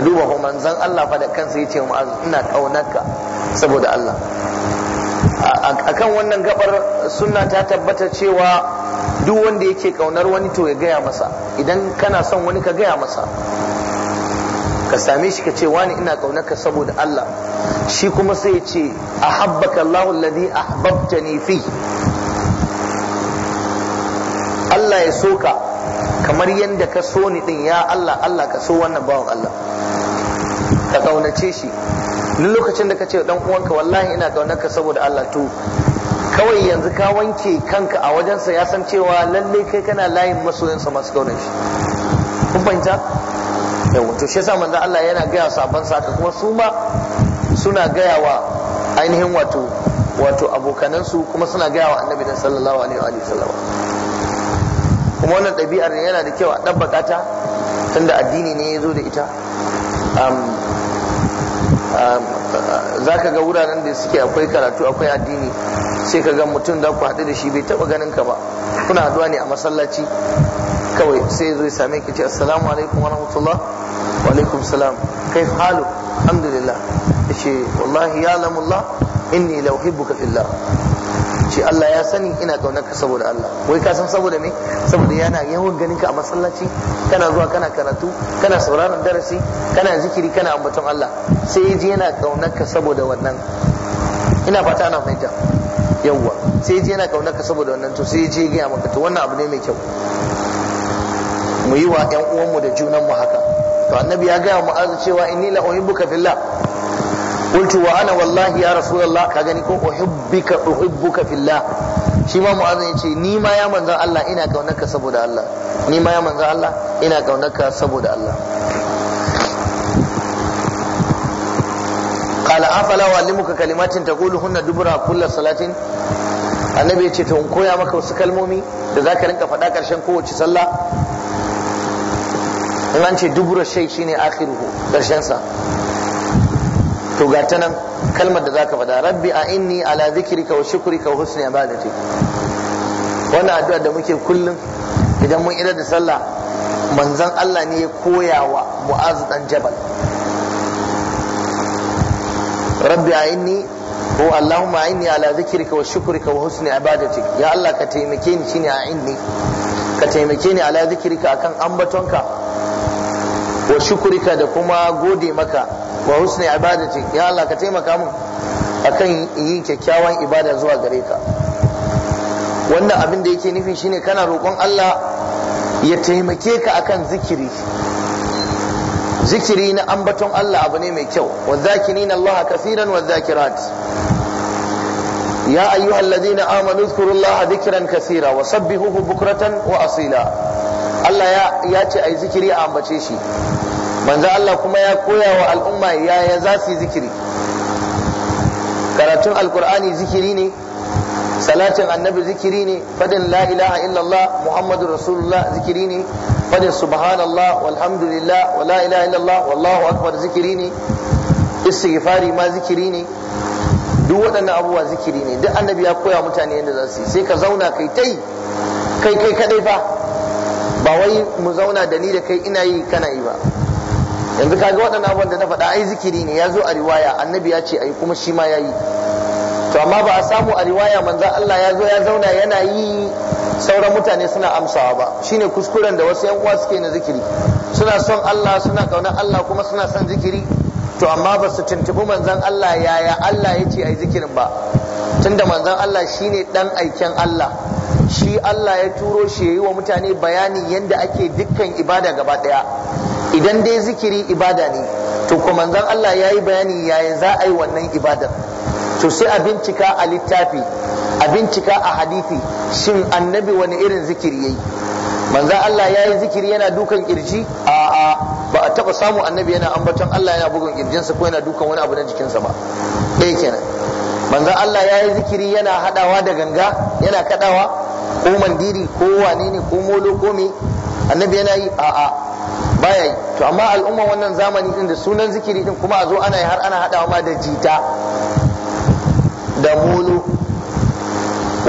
ka duba ko manzon Allah fa da kansa yace mu'az ina kaunarka saboda Allah akan wannan gabar sunna ta tabbata cewa duk wanda yake kaunar wani to ya gaya masa idan kana son wani ka gaya masa ka same shi ka ce wani ina kaunarka saboda Allah shi kuma sai ya ce ahabbaka Allahu alladhi ahbabtani fi Allah ya soka kamar yadda ka so ni din ya Allah Allah ka so wannan bawan Allah ka kaunace shi duk lokacin da ka ce dan uwanka wallahi ina kaunarka saboda Allah to kawai yanzu ka wanke kanka a wajensa ya san cewa lalle kai kana layin masoyinsa masu kaunar shi kun fahimta yawa to shi yasa manzo Allah yana gaya sabon saka kuma su ma suna gaya wa ainihin wato wato su kuma suna gaya wa annabi sallallahu alaihi wa sallam kuma wannan ɗabi'ar yana da kyau a ɗabbaka ta tunda addini ne ya zo da ita za ka ga wuraren da suke akwai karatu akwai addini sai ka ga mutum da ku haɗu da shi bai taɓa ganin ka ba kuna haɗuwa ne a masallaci kawai sai zo ya same ki ce assalamu alaikum wa rahmatullah wa alaikum salam kai halu alhamdulillah yace wallahi ya lamullah inni la kafin fillah ce Allah ya sani ina kaunar ka saboda Allah wai ka san saboda me saboda yana yawan ganin ka a masallaci kana zuwa kana karatu kana sauraron darasi kana zikiri kana ambaton Allah sai ya ji yana kaunar ka saboda wannan ina fata ana fahimta yawwa sai ya ji yana kaunar ka saboda wannan to sai ya ya gaya maka to wannan abu ne mai kyau mu yi wa 'yan uwanmu da junanmu haka to annabi ya gaya mu cewa inni la uhibbuka fillah qultu wa ana wallahi ya rasulullah ka gani ko uhibbika uhibbuka fillah shi ma mu'azin yace ni ma ya manzan Allah ina kaunarka saboda Allah ni ma ya manzan Allah ina kaunarka saboda Allah qala afala wa'allimuka kalimatin hunna dubura kull salatin annabi yace to in koya maka wasu kalmomi da zaka rinka faɗa ƙarshen kowace sallah in an ce dubura shay shine akhiruhu ƙarshen sa to ga ta nan kalmar da zaka faɗa rabbi a inni ala zikrika wa shukrika wa husni ibadati wannan addu'a da muke kullum idan mun idar da sallah manzon Allah ne ya koya wa Mu'az dan Jabal rabbi a inni ko Allahumma inni ala zikrika wa shukrika wa husni ibadati ya Allah ka taimake ni shine a inni ka taimake ni ala zikrika akan ambatonka wa shukrika da kuma gode maka wa husni ibadati ya Allah ka taimaka mun akan yi kyakkyawan ibada zuwa gare ka wannan abin da yake nufi shine kana roƙon Allah ya taimake ka akan zikiri zikiri na ambaton Allah abu ne mai kyau wa zakirina Allah kafiran wa zakirat ladina amanu zkurullaha آمنوا اذكروا wa sabbihuhu bukratan wa asila Allah ya ce ai zikiri a ambace shi. manzo Allah kuma ya koya wa al'umma yaya za su yi zikiri karatun alkur'ani zikiri ne salatin annabi zikiri ne fadin la ilaha illallah muhammadu rasulullah zikiri ne fadin subhanallah walhamdulillah wa la ilaha illallah wallahu akbar zikiri ne istighfari ma zikiri ne duk waɗannan abubuwa zikiri ne duk annabi ya koya mutane yadda za su yi sai ka zauna kai tai kai kai kadai fa ba wai mu zauna da ni da kai ina yi kana yi ba yanzu kaga waɗannan abubuwan da na faɗa ai zikiri ne ya zo a riwaya annabi ya ce ai kuma shi ma ya yi to amma ba a samu a riwaya manzo Allah ya zo ya zauna yana yi sauran mutane suna amsawa ba shine kuskuren da wasu yan uwa suke na zikiri suna son Allah suna kaunar Allah kuma suna son zikiri to amma ba su tuntubi manzon Allah yaya Allah ya ce ai zikirin ba tunda manzon Allah shine dan aiken Allah shi Allah ya turo shi yi wa mutane bayanin yadda ake dukkan ibada gaba daya idan dai zikiri ibada ne to kuma manzon Allah ya yi bayani yaya za a yi wannan ibadar to sai a bincika a littafi a bincika a hadithi shin annabi wani irin zikiri yayi manzon Allah ya yi zikiri yana dukan kirji a a ba a taba samu annabi yana ambaton Allah yana bugun kirjinsa ko yana dukan wani abu na jikinsa ba ɗaya kenan manzon Allah ya yi zikiri yana hadawa da ganga yana kadawa ko mandiri ko wane ne ko molo ko me annabi yana yi a'a baya yi to amma al'umma wannan zamani din da sunan zikiri din kuma a zo ana yi har ana haɗawa ma da jita da mulu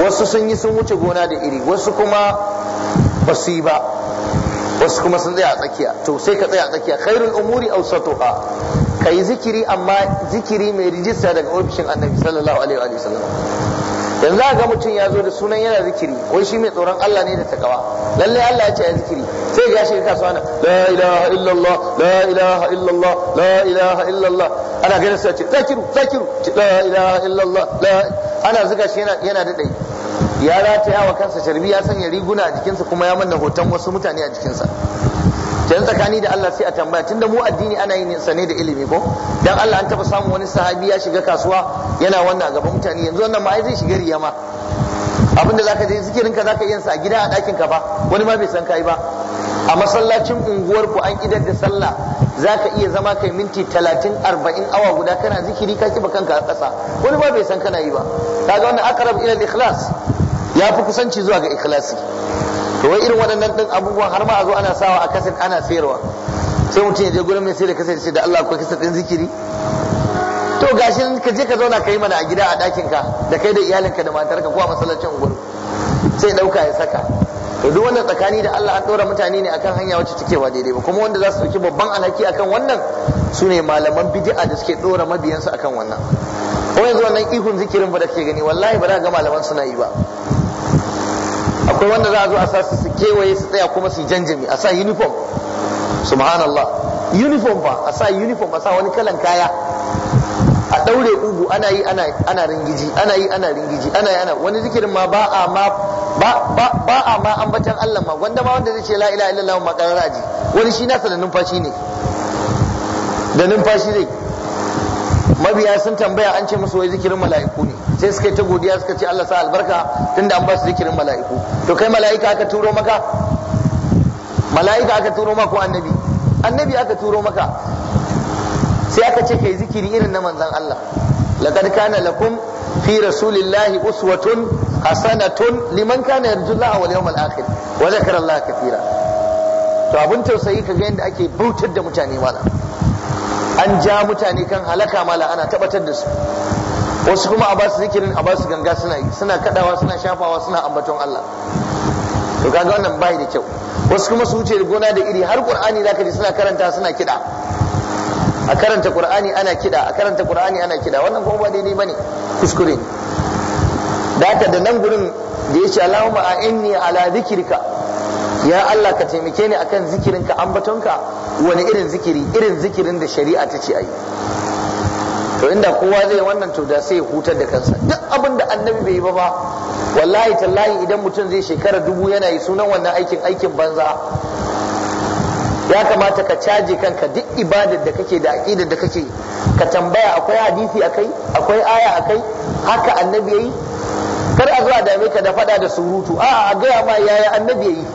wasu sun yi sun wuce gona da iri wasu kuma ba su yi ba wasu kuma sun tsaya a tsakiya to sai ka tsaya a tsakiya khairul umuri satuha kai zikiri amma zikiri mai rijista daga ofishin annabi sallallahu alaihi wa sallam yanzu ga mutum ya zo da sunan yana zikiri ko shi mai tsoron Allah ne da takawa lalle Allah ya ce ya zikiri sai ya shiga kasuwa na la ilaha illallah la ilaha illallah la ilaha illallah ana ganin sai ce zikiru zikiru la ilaha illallah la ana zuga shi yana yana da dai ya rataya wa kansa sharbi ya sanya riguna a jikinsa kuma ya manna hoton wasu mutane a jikinsa dan tsakani da Allah sai a tambaya tunda mu addini ana yin sane da ilimi ko dan Allah an taba samun wani sahabi ya shiga kasuwa yana wannan gaba mutane yanzu wannan ma ai zai shiga riya ma abinda zaka je zikirin ka zaka yin sa a gida a ɗakin ka ba wani ma bai san kai ba a masallacin unguwar ku an idar da sallah zaka iya zama kai minti 30 40 awa guda kana zikiri ka kiba kanka a ƙasa wani ma bai san kana yi ba kaga wannan aqrab ila al-ikhlas ya fi kusanci zuwa ga ikhlasi to wai irin waɗannan ɗin abubuwan har ma a zo ana sawa a kaset ana sayarwa sai mutum ya je gurin mai sai da kaset da Allah akwai kasar ɗin zikiri to gashin ka je ka zauna ka yi mana a gida a ɗakin ka da kai da iyalinka da matarka ko a masallacin gurin sai ɗauka ya saka to duk wannan tsakani da Allah an ɗora mutane ne akan hanya wacce take ba daidai ba kuma wanda za su ɗauki babban alhaki akan wannan su ne malaman bid'a da suke ɗora mabiyansu akan wannan ko yanzu wannan ihun zikirin ba da ke gani wallahi ba za ga malaman suna yi ba akwai wanda za a zo a sa su kewaye su tsaya kuma su janjami a sa uniform subhanallah uniform ba a sa uniform a sa wani kalan kaya a daure ugu ana yi ana ringiji ana yi ana ringiji ana yi ana wani zikirin ma ba a ma ba a ambatan Allah ma wanda ma wanda zai ce la ilaha illallah ma karara wani shi nasa da numfashi ne da numfashi zai mabiya sun tambaya an ce musu wai zikirin mala'iku ne sai suka yi ta godiya suka ce Allah sa albarka tunda an ba su zikirin mala'iku to kai mala'ika aka turo maka mala'ika aka turo maka ko annabi annabi aka turo maka sai aka ce kai zikiri irin na manzon Allah laqad kana lakum fi rasulillahi uswatun hasanatun liman kana yarjullaha wal yawmal akhir wa dhakara Allah kathira to abun tausayi kaga yanda ake bautar da mutane wala an ja mutane kan halaka mala ana tabbatar da su wasu kuma a basu zikirin a basu ganga suna yi suna kadawa suna shafawa suna ambaton Allah to kaga wannan bai da kyau wasu kuma su wuce gona da iri har qur'ani zaka ji suna karanta suna kida a karanta qur'ani ana kida a karanta qur'ani ana kida wannan kuma ba daidai bane kuskure ne da haka da nan gurin da yace Allahumma inni ala zikrika ya Allah ka taimake ni akan zikirin ka zikirinka ambatonka wani irin zikiri irin zikirin da shari'a ta ce ayi to inda kowa zai wannan to da sai hutar da kansa duk abin da annabi bai yi ba ba wallahi tallahi idan mutum zai shekara dubu yana yi sunan wannan aikin aikin banza ya kamata ka caje kanka duk ibadar da kake da aqidar da kake ka tambaya akwai hadisi akai akwai aya akai haka annabi yayi kar a zuwa dame ka da fada da surutu a a gaya ma yaya annabi yayi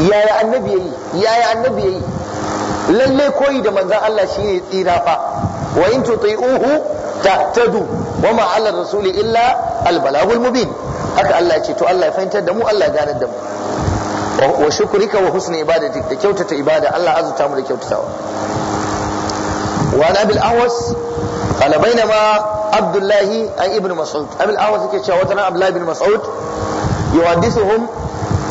yaya annabi yayi yaya annabi yayi lalle koyi da manzon Allah shine tsira fa wa in tuti'uhu tahtadu wa ma 'ala rasuli illa al-balagul mubin haka Allah ce to Allah ya fahimtar da mu Allah ya ganar da mu wa shukrika wa husni ibadatik da kyautata ibada Allah azuta mu da kyautatawa wa an abil awas qala bainama abdullahi ay ibn mas'ud abil awas yake cewa wata ran abdullahi ibn mas'ud yuhaddithuhum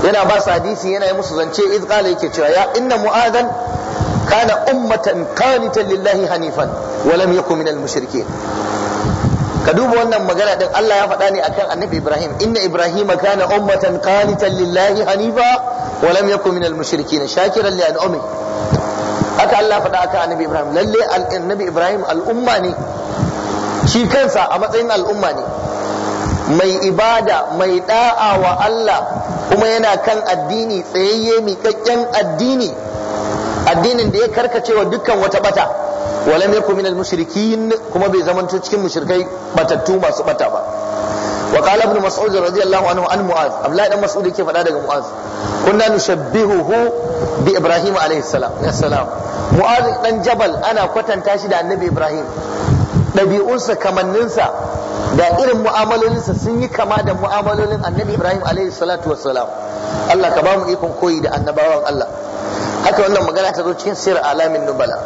yana ba su hadisi yana yi musu zance iz qala yake cewa ya inna mu'adan kana ummatan qanitan lillahi hanifan wa lam yakun minal mushrikeen ka duba wannan magana din Allah ya faɗa ne akan annabi Ibrahim inna Ibrahim kana ummatan qanitan lillahi hanifa wa lam yakun minal mushrikeen shakiran li an'ami haka Allah faɗa akan annabi Ibrahim lalle annabi Ibrahim al umma ne shi kansa a matsayin al'umma ne mai ibada mai da'a wa Allah kuma yana kan addini tsayayye miƙaƙƙen addini addinin da ya karkace wa dukkan wata bata walam yakun minal mushrikin kuma bai zamanto cikin mushrikai batattu masu bata ba wa qala ibn mas'ud radiyallahu anhu an mu'az abdullahi dan mas'ud yake faɗa daga mu'az kunna nushabbihuhu bi ibrahim alayhi salam ya salam mu'az dan jabal ana kwatanta shi da annabi ibrahim ɗabi'unsa kamanninsa da irin mu'amalolinsa sun yi kama da mu'amalolin annabi ibrahim alaihi salatu wassalam Allah ka ba mu ikon koyi da annabawan Allah haka wannan magana ta zo cikin sir alamin nubala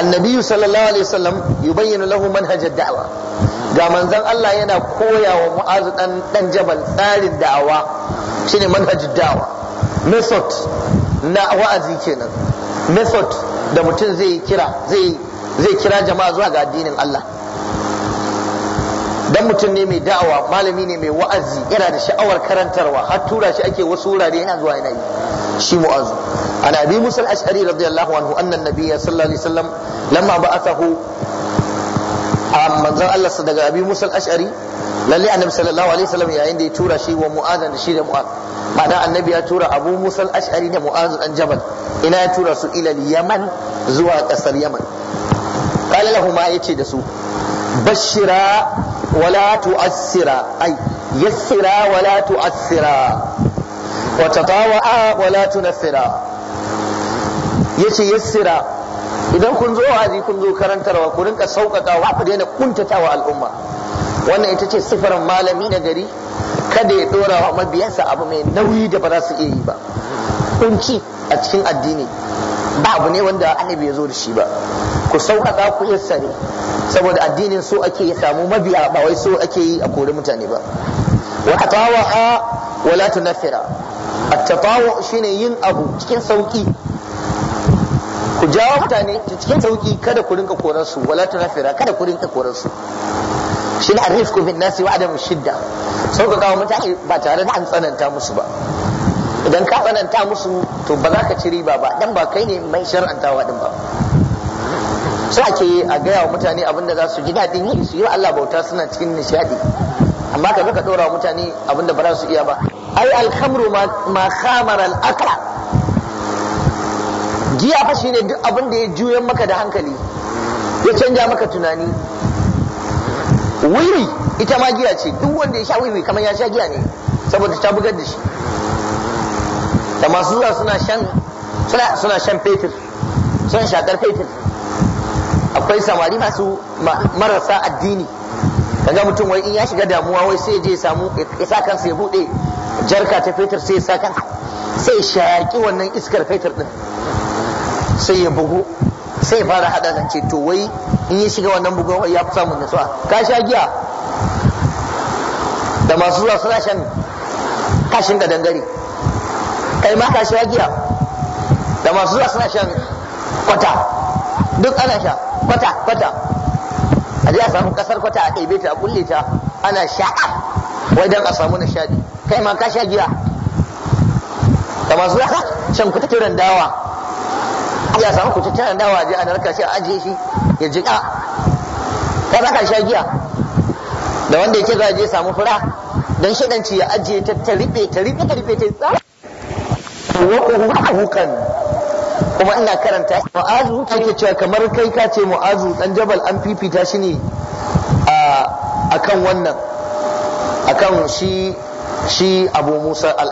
annabi sallallahu alaihi wasallam yubayyinu lahu manhajar da'wa ga manzon Allah yana koya wa mu'azu dan dan jabal tsarin da'awa shine manhajar da'wa method na wa'azi kenan method da mutum zai kira zai zai kira jama'a zuwa ga addinin Allah dan mutum ne mai da'awa malami ne mai wa'azi yana da sha'awar karantarwa har tura shi ake wasu wurare yana zuwa yana yi shi mu'azu an abi musa al-ash'ari radiyallahu anhu annan nabiyya sallallahu alaihi wasallam lamma ba'athahu a manzon Allah sa daga abi musa al-ash'ari lalle annabi sallallahu alaihi wasallam yayin da ya tura shi wa mu'adh da shi da mu'adh ma'ana annabi ya tura abu musa al-ash'ari da mu'adh dan jabal ina ya tura su ila yaman zuwa kasar yaman qala lahu ma yace da su bashira ولا تؤثرا أي يسرا ولا تؤثرا وتطاوعا ولا تنفرا يشي يسرا idan kun zo wa'azi kun zo karantarwa ku rinka sauƙaƙawa ku daina ƙuntatawa al'umma wannan ita ce sifarin malami na gari kada ya ɗora wa mabiyansa abu mai nauyi da ba za su iya yi ba kunci a cikin addini ba abu ne wanda annabi ya zo da shi ba ku sauƙaƙa ku yassa sani saboda addinin so ake ya samu mabiya ba wai so ake yi a kori mutane ba wa a wa la tunaffira at-tatawu shine yin abu cikin sauki ku jawo mutane cikin sauki kada ku rinka koran su wala tunaffira kada ku rinka koran su shine arifku bin nasi wa adam shidda kawo mutane ba tare da an tsananta musu ba idan ka tsananta musu to ba za ka ci riba ba dan ba kai ne mai shar'antawa din ba Su ake a gaya wa mutane abinda za su ji daɗin yi su yi wa Allah bauta suna cikin nishadi amma ka ka ɗora mutane abinda ba za su iya ba ai alhamru ma khamar al'aka giya fa shine duk abin da ya juyan maka da hankali ya canja maka tunani Wiri ita ma giya ce duk wanda ya sha wiri kamar ya sha giya ne saboda ta bugar da shi da masu zuwa suna shan suna shan fetur suna shakar fetur akwai samari masu marasa addini kaga mutum wai in ya shiga damuwa wai sai je samu isa kansa ya bude jarka ta fetur sai sa kansa sai shayaki wannan iskar fetur din sai ya bugu sai fara hada zance to wai in ya shiga wannan bugun ya fi samun nasuwa ka sha giya da masu zuwa suna shan kashin da dangare kai ma ka sha giya da masu zuwa suna shan kwata duk ana sha kwata kwata a je a samu kasar kwata a ɗebe ta a kulle ta ana sha'a wai don a samu nishadi kai ma ka sha giya da masu yaka shan kuta kiran dawa a samu kuta kiran dawa je a narka shi a ajiye shi ya jiƙa kai za ka sha giya da wanda ya ce za je samu fura don shaɗanci ya ajiye ta ta riɓe ta riɓe ta yi ta tsara kuma ina karanta mu'azu ake cewa kamar kai ka ce mu'azu dan jabal an fifita shi ne a kan wannan kan shi shi abu musa al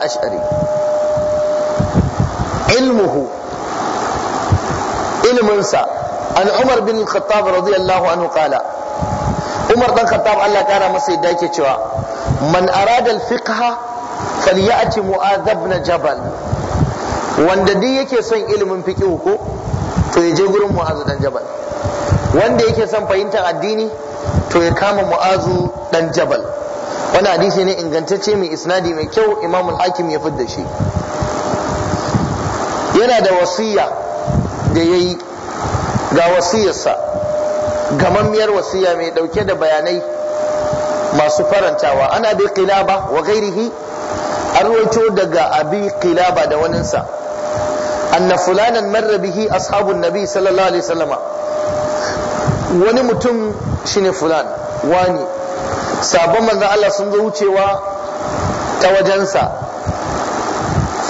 ilmuhu ilminsa an umar bin khattab radiyallahu anhu kala umar dan khattab Allah kara masa yadda ke cewa man arada al-fiqha falyati mu'adh ibn jabal wanda duk yake son ilimin fiqh ko to ya je gurin mu'azu dan jabal wanda yake son fahimtar addini to ya kama mu'azu dan jabal wani hadisi ne ingantacce mai isnadi mai kyau imamul hakim ya fidda shi yana da wasiya da ya yi ga wasiyarsa gamammiyar wasiya mai dauke da bayanai masu farantawa ana bi qilaba wa gairihi an daga abi qilaba da waninsa anna fulanan marra bihi ashabun nabi sallallahu alaihi wasallama wani mutum shine fulan wani sabon manzon Allah sun zo wucewa ta wajensa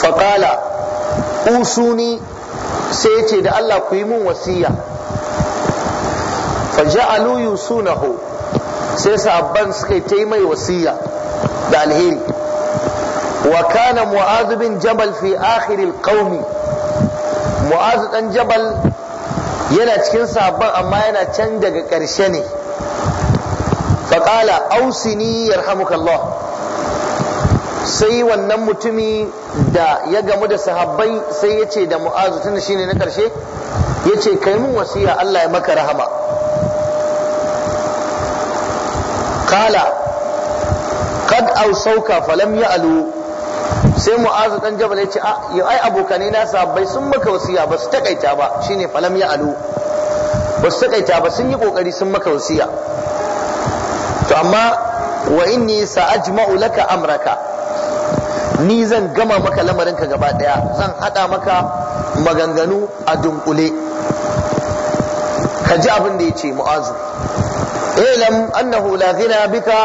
faƙala usuni sai ce da Allah ku yi min wasiya faja'alu yusunahu sai sahabban suka ta yi mai wasiya da alheri wa kana mu'adh bin jabal fi akhiril qaumi mu'azu dan jabal yana cikin sabon amma yana can daga ƙarshe ne faƙala ausini yarhamukallah sai wannan mutumi da ya gamu da sahabbai sai ya ce da mu'azu tun tunda shine na ƙarshe ya ce kai mun wasiya Allah ya maka rahama kala kad ausauka falam ya alu sai mu'azu dan jabal ya ce a ah, ai abokanai na sahabbai sun maka wasiya ba su takaita ba shine falam ya alu ba su takaita ba sun yi kokari sun maka wasiya to amma wa inni sa'ajma'u laka amraka ni zan gama maka lamarin ka gaba daya zan hada maka maganganu a dunkule ka ji abin da ya ce mu'azu ilam annahu la bika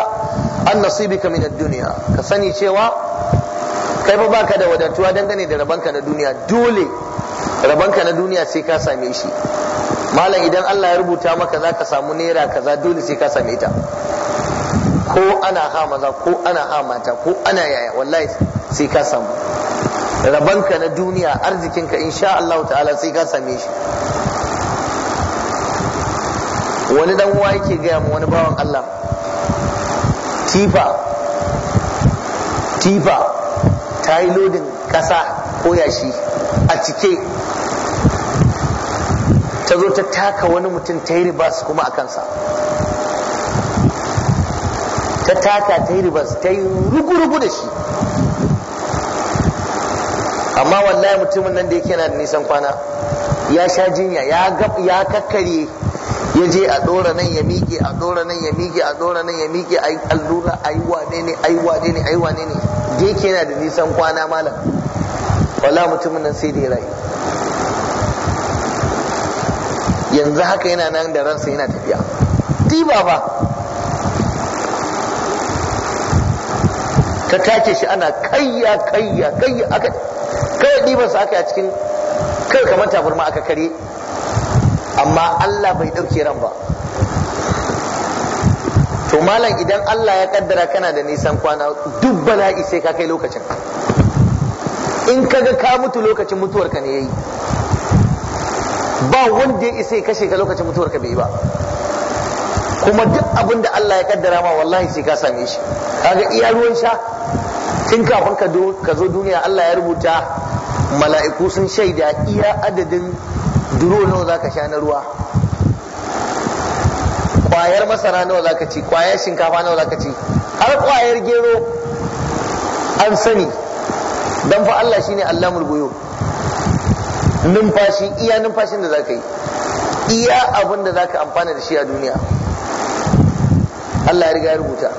an nasibika min ad-dunya ka sani cewa kai fa baka da wadatuwa dangane da rabanka na duniya dole rabanka na duniya sai ka same shi malam idan Allah ya rubuta maka za ka samu naira kaza dole sai ka same ta ko ana ha maza ko ana ha mata ko ana yaya wallahi sai ka samu rabanka na duniya arzikinka insha Allah ta'ala sai ka same shi wani dan uwa yake gaya mu wani bawan Allah tifa tifa ta yi lodin ƙasa ko yashi a cike ta zo ta taka wani mutum ta yi ribas kuma a kansa ta taka ta yi ribas ta yi rugu-rugu da shi amma wallahi mutumin nan da yake na da nisan kwana ya sha jinya ya kakkare ya je a ɗora nan ya miƙe a ɗora nan ya miƙe a ɗora nan ya miƙe a yi allura a yi wane ne a yi wane ne a yi wane ne je yana da nisan kwana malam wala mutumin nan sai da ya yanzu haka yana nan da ransa yana tafiya diba ba Ka take shi ana kayya kayya kayya aka kai dibansa aka a cikin kai kamar tafurma aka kare amma Allah bai dauke ran ba to malam idan Allah ya kaddara kana da nisan kwana duk bala'i sai ka kai lokacin in kaga ka mutu lokacin mutuwarka ne yayi ba wanda ya isa kashe ka lokacin mutuwarka bai yi ba kuma duk abin da Allah ya kaddara ma wallahi sai ka same shi kaga iya ruwan sha tun kafin ka zo duniya Allah ya rubuta mala'iku sun shaida iya adadin duro nawa zaka sha na ruwa kwayar masara nawa zaka ci kwayar shinkafa nawa zaka ci har kwayar gero an sani dan fa Allah shine allamul guyub numfashi iya numfashin da zaka yi iya abin da zaka amfana da shi a duniya Allah ya riga ya rubuta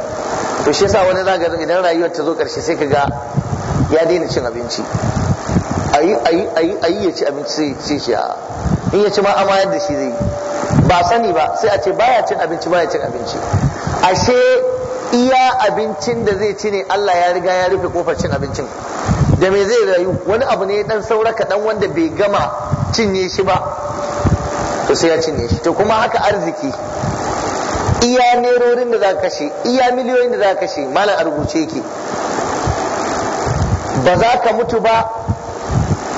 to shi yasa wani zaka idan rayuwar ta zo karshe sai kaga ya daina cin abinci ayi ayi ayi ayi ya ci abinci sai ce shi a in ya ci ma amayar da shi zai ba sani ba sai a ce baya cin abinci baya cin abinci ashe iya abincin da zai ci ne Allah ya riga ya rufe kofar cin abincin da me zai rayu wani abu ne dan saura kaɗan wanda bai gama cinye shi ba to sai ya cinye shi to kuma haka arziki iya nerorin da za kashe iya miliyoyin da za kashe malam a rubuce yake ba za ka mutu ba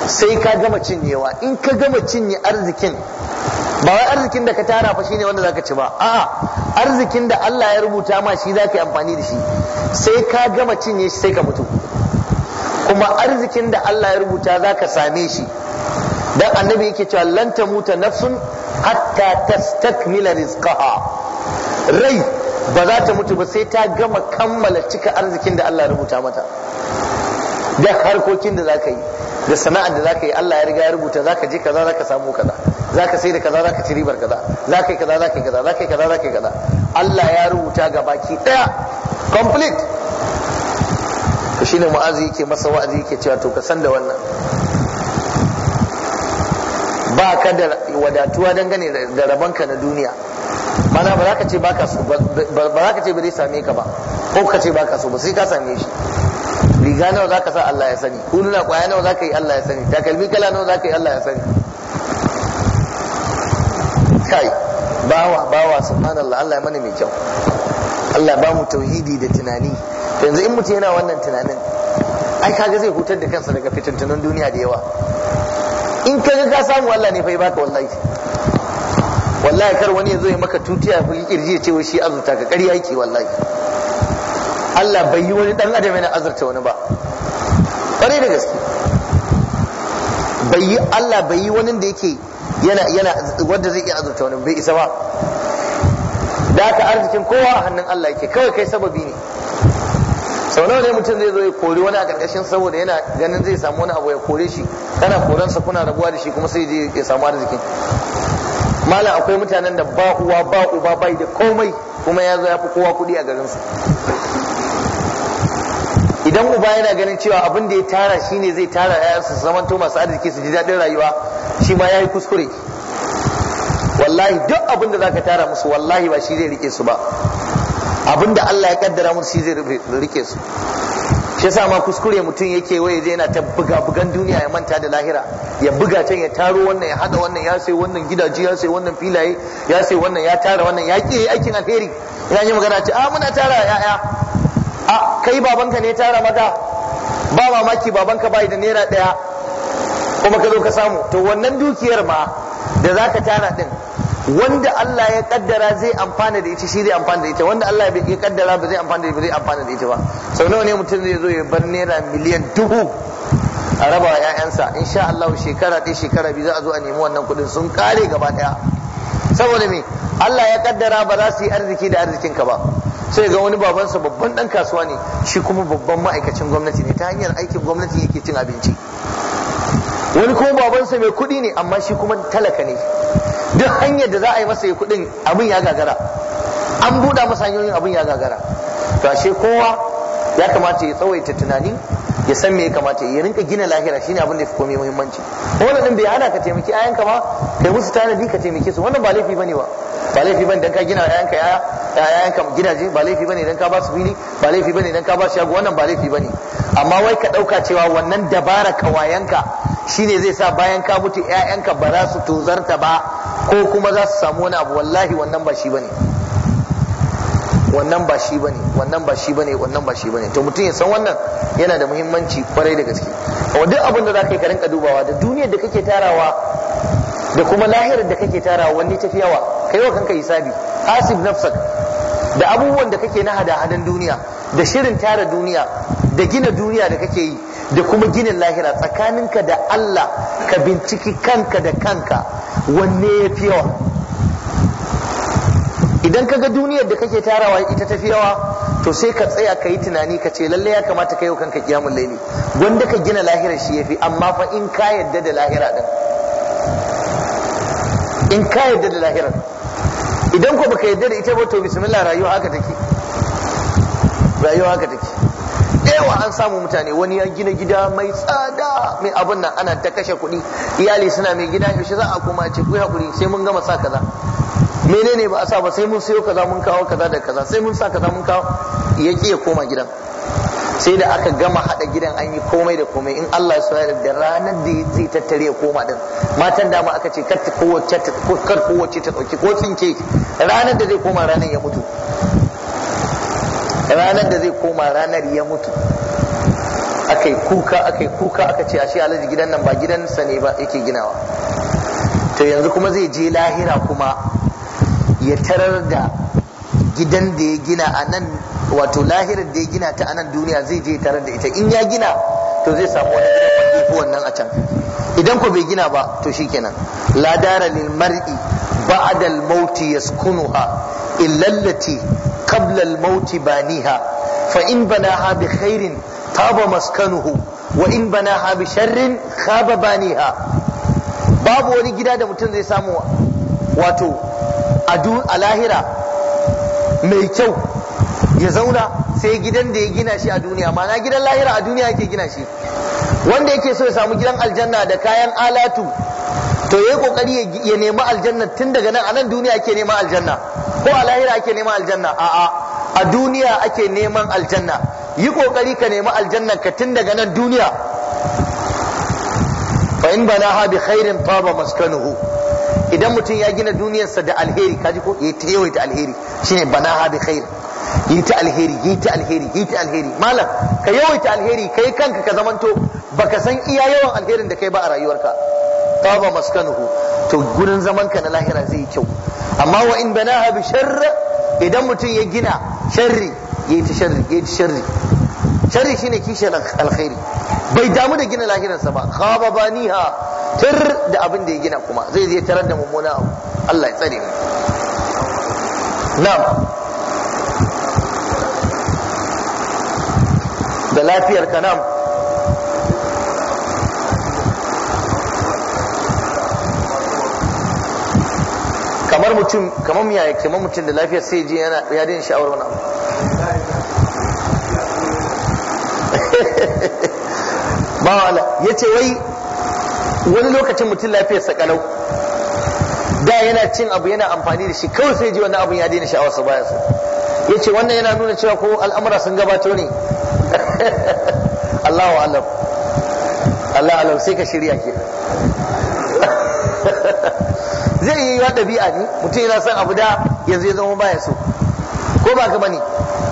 sai ka gama cinyewa in ka gama cinye arzikin ba wai arzikin da ka tara fa shine wanda zaka ci ba a'a arzikin da Allah ya rubuta ma shi zaka yi amfani da shi sai ka gama cinye shi sai ka mutu kuma arzikin da Allah ya rubuta zaka same shi dan annabi yake cewa lan tamuta nafsun hatta tastakmila rizqaha rai ba za ta mutu ba sai ta gama kammala cika arzikin da Allah ya rubuta mata da harkokin da zaka yi da sana'ar da zaka yi Allah ya riga ya rubuta zaka je kaza ka samu kaza zaka sai da kaza ka ci ribar kaza zaka yi kaza ka yi kaza zaka yi kaza ka yi kaza Allah ya rubuta ga baki daya complete to shine mu'azi yake masa wa'azi yake cewa to ka san da wannan ba ka da wadatuwa dangane da rabanka na duniya mana ba za ka ce ba ka so ba za ka ce ba zai same ka ba ko ka ce ba ka so ba sai ka same shi riga nawa zaka sa Allah ya sani huluna kwaya nawa zaka yi Allah ya sani takalmi kala nawa zaka yi Allah ya sani kai bawa bawa subhanallah Allah ya mana mai kyau Allah ba mu tauhidi da tunani yanzu in mutum yana wannan tunanin ai kaga zai hutar da kansa daga fitintunan duniya da yawa in kaga ka samu Allah ne fa baka wallahi wallahi kar wani ya zo ya maka tutiya ya kirji ya ce wai shi azuta ka ƙarya yake wallahi Allah bai yi wani dan adam yana azurta wani ba ƙwarai da gaske bai yi Allah bai yi wani da yake yana yana wanda zai iya azurta wani bai isa ba da aka arzikin kowa a hannun Allah yake kawai kai sababi ne sau nawa ne mutum zai zo ya kori wani a ƙarƙashin saboda yana ganin zai samu wani abu ya kore shi kana koransa kuna rabuwa da shi kuma sai je ya samu arzikin malam akwai mutanen da ba uwa ba uba bai da komai kuma ya zo ya fi kowa kuɗi a garinsu idan uba yana ganin cewa abin da ya tara shine zai tara ƴaƴansa su to masu arziki su ji daɗin rayuwa shi ma yayi kuskure wallahi duk abin da zaka tara musu wallahi ba shi zai rike su ba abin da Allah ya kaddara musu shi zai rike su shi yasa ma kuskure mutum yake waye zai yana ta buga bugan duniya ya manta da lahira ya buga can ya taro wannan ya hada wannan ya sai wannan gidaje ya sai wannan filaye ya sai wannan ya tara wannan ya ke aikin alheri yana yi magana ce a ah, muna tara ya'ya a kai babanka ne tara maka ba mamaki babanka bai da naira daya. kuma ka zo ka samu to wannan dukiyar ma da za ka tara din. wanda Allah ya kaddara zai amfana da ita shi zai amfana da ita wanda Allah ya kaddara ba zai amfana da ita ba zai amfana da ita ba sau nawa ne mutum zai zo ya bar naira miliyan dubu a raba wa 'ya'yansa insha Allah shekara ɗaya shekara biyu za a zo a nemi wannan kuɗin sun kare gaba ɗaya saboda me Allah ya kaddara ba za su yi arziki da arzikinka ba sai ga wani babansa babban dan kasuwa ne shi kuma babban ma'aikacin gwamnati ne ta hanyar aikin gwamnati yake cin abinci wani kuma babansa mai kuɗi ne amma shi kuma talaka ne duk hanyar da za a yi masa ya kuɗin abin ya gagara an buɗa masa hanyoyin abin ya gagara to ashe kowa ya kamata ya tsawaita tunani ya san me ya kamata ya rinka gina lahira shine abin da ya fi komai muhimmanci wannan din bai hana ka taimaki ayanka ma kai musu tanadi ka taimake su wannan ba laifi bane ba ba laifi bane dan ka gina yayanka yaya yayanka gidaje ba laifi bane dan ka ba su fili ba laifi bane dan ka ba su shago wannan ba laifi bane amma wai ka dauka cewa wannan dabara ka wayanka shine zai sa bayan ka mutu yayanka ba za su tozarta ba ko kuma za su samu wani abu wallahi wannan ba shi bane wannan ba shi bane wannan ba shi bane wannan ba shi bane to mutum ya san wannan yana da muhimmanci kwarai da gaske duk abin da za ka yi ka rinka dubawa da duniyar da kake tarawa da kuma lahirar da kake tara wanne tafi yawa kai wa kanka hisabi hasib nafsak da abubuwan da kake na hada-hadan duniya da shirin tara duniya da gina duniya da kake yi da kuma ginin lahira tsakaninka da Allah ka binciki kanka da kanka wanne ya fi yawa idan ka ga duniyar da kake tarawa ita tafi yawa to sai ka tsaya ka yi tunani ka ce lalle ya kamata ka yi kanka kiyamun laili wanda ka gina lahirar shi ya fi, amma fa in ka yadda da lahira din in ka yarda da lahirar idan ko baka yarda da ita ba to bismillah rayuwa haka take rayuwa haka take yawa an samu mutane wani ya gina gida mai tsada mai abun nan ana ta kashe kuɗi iyali suna mai gida yaushe za a koma ce ku hakuri sai mun gama sa kaza menene ba a sa ba sai mun sayo kaza mun kawo kaza da kaza sai mun sa kaza mun kawo ya ya koma gidan sai da aka gama hada gidan an yi komai da komai in Allah ya soyar da ranar da zai tattare ya koma din matan dama aka ce kar kowace kar kowace ta dauki ko tsinke ranar da zai koma ranar ya mutu ranar da zai koma ranar ya mutu akai kuka akai kuka aka ce ashe alaji gidan nan ba gidan sa ne ba yake ginawa to yanzu kuma zai je lahira kuma ya tarar da gidan da ya gina a nan wato lahirar da ya gina ta anan duniya zai je tare da ita in ya gina to zai samu wani gidan wanda wannan a can idan ko bai gina ba to shikenan la dara lil mar'i ba'da al maut yaskunuha illa allati qabla al maut baniha fa in banaha bi khairin taba maskanuhu wa in banaha bi sharrin khaba baniha babu wani gida da mutum zai samu wato a lahira mai kyau ya zauna sai gidan da ya gina shi a duniya ma'ana gidan lahira a duniya yake gina shi wanda yake so ya samu gidan aljanna da kayan alatu to yayi kokari ya nemi aljanna tun daga nan a nan duniya ake neman aljanna ko a lahira ake neman aljanna a'a a duniya ake neman aljanna yi kokari ka nemi aljanna ka tun daga nan duniya fa in ha bi khairin taba maskanuhu idan mutum ya gina duniyarsa da alheri kaji ko ya yawaita alheri shine banaha bi khairin yi ta alheri yi ta alheri yi ta alheri malam ka yawaita alheri kai kanka ka zamanto baka san iya yawan alherin da kai ba a rayuwarka taba maskanuhu to gurin zaman ka na lahira zai yi kyau amma wa in banaha bi sharr idan mutum ya gina sharri yi ta sharri yi ta sharri sharri shine kishin alkhairi bai damu da gina sa ba khaba baniha tir da abin da ya gina kuma zai je tarar da mummuna abu Allah ya tsare mu na'am da lafiyar ka nam kamar mutum kamar mu yaya kamar mutum da lafiyar sai ji yana ya din sha'awar wani abu ba wala yace wai wani lokacin mutum lafiyar sa kalau da yana cin abu yana amfani da shi kawai sai ji wannan abu ya daina sha'awarsa baya so yace wannan yana nuna cewa ko al'amura sun gabato ne Allahu alam Allah alam sai ka shirya ke zai yi wa ɗabi'a ne mutum yana son abu da yanzu ya zama baya so ko ba ka bane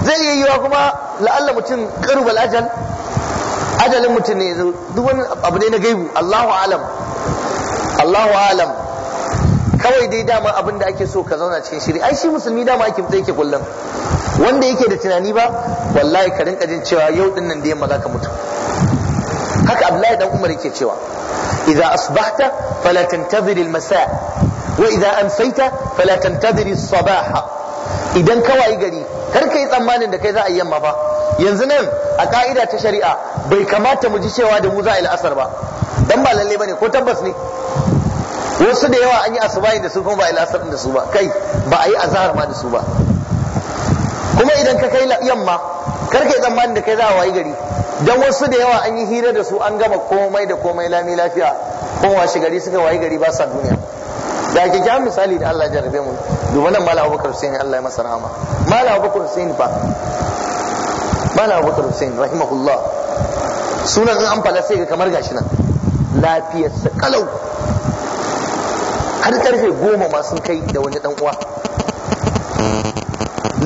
zai yi wa kuma la'alla mutum karubal ajal ajalin mutum ne duk wani abu ne na gaibu Allahu alam Allahu alam kawai dai dama abin da ake so ka zauna cikin shiri ai shi musulmi dama ake mutu yake kullum wanda yake da tunani ba wallahi ka rinka jin cewa yau din nan da yamma zaka mutu haka abdullahi dan umar yake cewa idza asbahta fala tantazir al wa idza amsayta fala tantazir as-sabah idan ka wayi gari kar kai tsammanin da kai za a yi yamma ba yanzu nan a ka'ida ta shari'a bai kamata mu ji cewa da mu za a yi la'asar ba dan ba lalle bane ko tabbas ne wasu da yawa an yi asubayin da su kuma ba a lasar da su ba kai ba a yi azahar ma da su ba kuma idan ka kai yamma karka idan ma da kai za a wayi gari don wasu da yawa an yi hira da su an gama komai da komai lami lafiya kuma washe gari suka wayi gari ba sa duniya da ake kyan misali da Allah ya jarabe mu duba nan malam Abubakar Hussein Allah ya masa rahama malam Abubakar Hussein fa malam Abubakar Hussein rahimahullah sunan an fala sai ga kamar gashi nan lafiyarsa kalau har karfe goma ma sun kai da wani dan uwa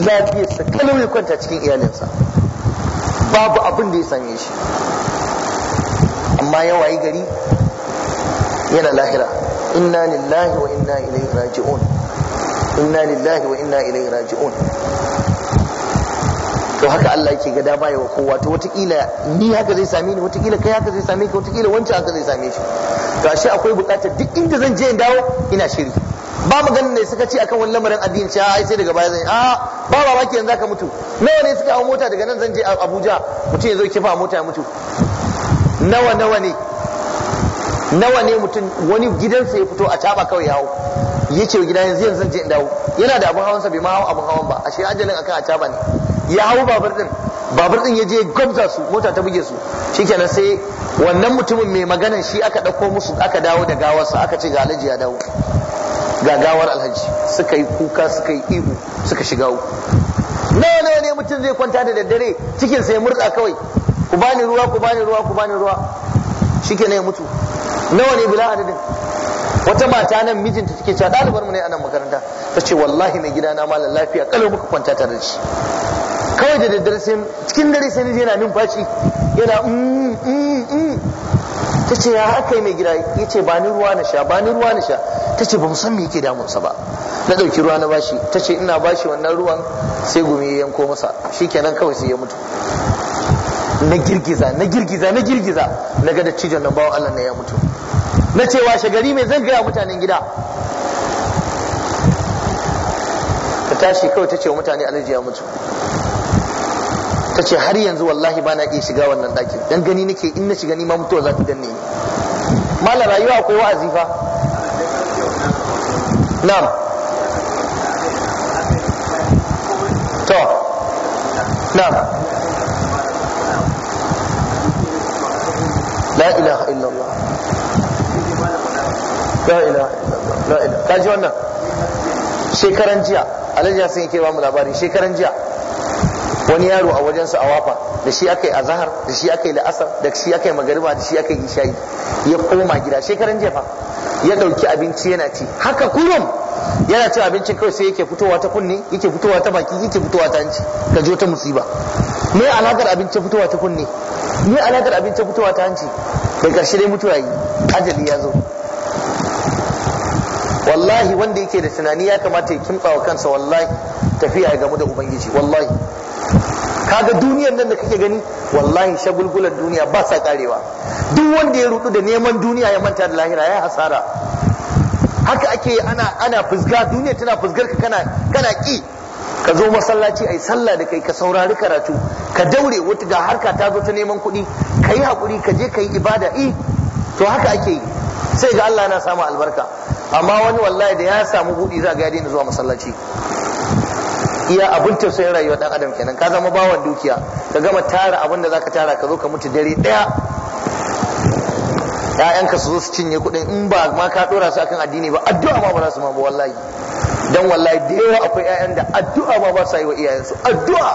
lafiyarsa kalau ya kwanta cikin iyalinsa babu abin da ya same shi amma ya wayi gari yana lahira inna lillahi wa inna ilaihi raji'un inna lillahi wa inna ilaihi raji'un to haka Allah yake ga dama yawa kowa to watakila ni haka zai same ni watakila kai haka zai same ka watakila wancan haka zai same shi to ashe akwai bukatar duk inda zan je in dawo ina shiri ba magana ne suka ce akan wani lamarin addini ce ai sai daga baya zan a ba baki yanzu ka mutu nawa ne suka hawo mota daga nan zan je Abuja mutum ya kifa mota ya mutu nawa nawa ne nawa ne mutum wani gidansa ya fito a caba kawai ya hau ya ce gida yanzu yanzu zan je in dawo yana da abun hawansa bai ma hau abun hawan ba ashe ajalin akan a caba ne ya hau babur din babur din ya je gwabza su mota ta buge su shikenan sai wannan mutumin mai maganan shi aka ɗauko musu aka dawo da gawarsa aka ce ga alhaji ya dawo ga gawar alhaji suka yi kuka suka yi ihu suka shiga uku nawa ne ne mutum zai kwanta da daddare cikin sai murza kawai ku bani ruwa ku bani ruwa ku bani ruwa shikenan ya mutu nawa ne bila adadin wata mata nan mijinta take cewa ɗalibar mu ne a nan makaranta ta ce wallahi mai gidana malam lafiya kalau muka kwanta tare da shi kawai da daddare sai cikin dare sai nije yana numfashi yana mm, mm, mm. ta ce ya haka mai gida ya ce ba ni ruwa na sha ba ni ruwa na sha ta ce ba mu san me yake damunsa ba na ɗauki ruwa na bashi ta ce ina bashi wannan ruwan sai gumi ya yanko masa shikenan kawai sai ya mutu na girgiza na girgiza na girgiza na ga cijon nan bawan Allah na ya mutu na ce washe gari mai zan gaya mutanen gida ta tashi kawai ta ce wa mutane alaji ya mutu ta ce har yanzu wallahi ba na iya shiga wannan ɗakin dan gani nake in na shiga ni ma mutuwa za ta danne ni mala rayuwa ko wa'azi fa na'am to na'am la ilaha illallah la ilaha illallah la ilaha ji wannan shekaran jiya alhaji ya sun yake ba mu labari shekaran jiya wani yaro a wajensu a wafa da shi aka yi azahar da shi aka yi la'asar da shi aka yi magariba da shi aka yi isha'i ya koma gida shekaran jefa ya ɗauki abinci yana ci haka kullum yana cin abinci kawai sai yake fitowa ta kunne yake fitowa ta baki yake fitowa ta hanci ka jo ta musiba me alakar abinci fitowa ta kunne me alakar abinci fitowa ta hanci da ƙarshe dai mutuwa yi ajali ya zo wallahi wanda yake da tunani ya kamata ya kimtsawa kansa wallahi tafiya ya gamu da ubangiji wallahi kaga duniyar nan da kake gani wallahi shagulgular duniya ba sa karewa duk wanda ya rudu da neman duniya ya manta da lahira ya hasara haka ake ana ana fusga duniya tana fusgar ka kana kana ki ka zo masallaci ai sallah da kai ka saurari karatu ka daure wata ga harka ta zo ta neman kuɗi ka yi haƙuri ka je ka yi ibada i to haka ake yi sai ga Allah na samu albarka amma wani wallahi da ya samu buɗi za ga ya daina zuwa masallaci iya abin tausayin rayuwa dan adam kenan ka zama bawan dukiya ka gama tara abin da zaka tara ka zo ka mutu dare daya ka su zo su cinye kuɗin in ba ma ka dora su akan addini ba addu'a ma ba za su ma ba wallahi dan wallahi da yawa akwai ƴaƴan da addu'a ma ba sa yi wa iyayensu addu'a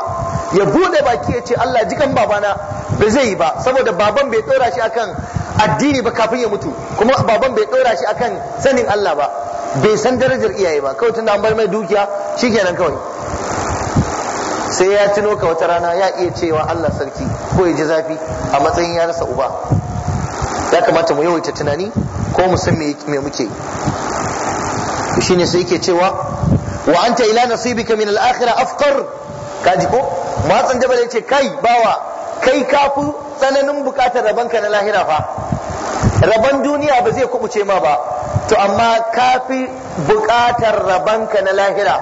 ya bude baki ya ce Allah jikan babana ba zai yi ba saboda baban bai dora shi akan addini ba kafin ya mutu kuma baban bai dora shi akan sanin Allah ba bai san darajar iyaye ba kawai tunda an bar mai dukiya shi shikenan kawai sai ya tuno ka wata rana ya iya cewa Allah sarki ko ya ji zafi a matsayin ya rasa uba ya kamata mu yawaita tunani ko mu san me muke shine sai yake cewa wa anta ila nasibika min al-akhirah afqar kaji ko matsan jabal yace kai bawa kai kafu tsananin bukatar rabanka na lahira fa raban duniya ba zai kubuce ma ba to amma kafi bukatar rabanka na lahira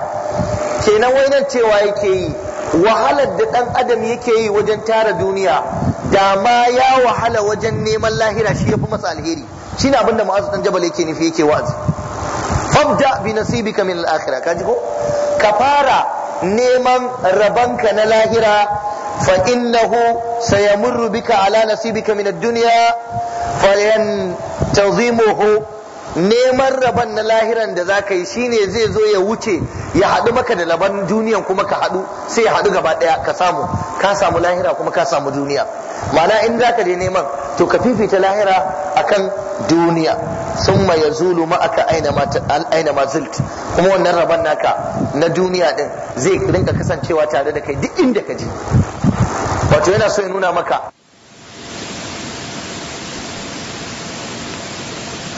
kenan wainan cewa yake yi wahalar da ɗan adam yake yi wajen tara duniya da ma ya wahala wajen neman lahira shi ya fi masa alheri shi ne abinda ma'azu ɗan jabal yake nufi yake wa'azi fabda bi nasibika min al ka ji ko ka fara neman rabanka na lahira fa innahu sayamurru bika ala nasibika min ad-dunya fayantazimuhu neman raban na lahiran da za ka yi shine zai zo ya wuce ya haɗu maka da laban duniyan kuma ka haɗu sai ya haɗu gaba ɗaya ka samu ka samu lahira kuma ka samu duniya ma'ana in za ka je neman to ka fifita lahira akan duniya sun ya zulu ma'aka aina ma zult kuma wannan raban naka na duniya din zai rinka kasancewa tare da kai duk inda ka je wato yana so ya nuna maka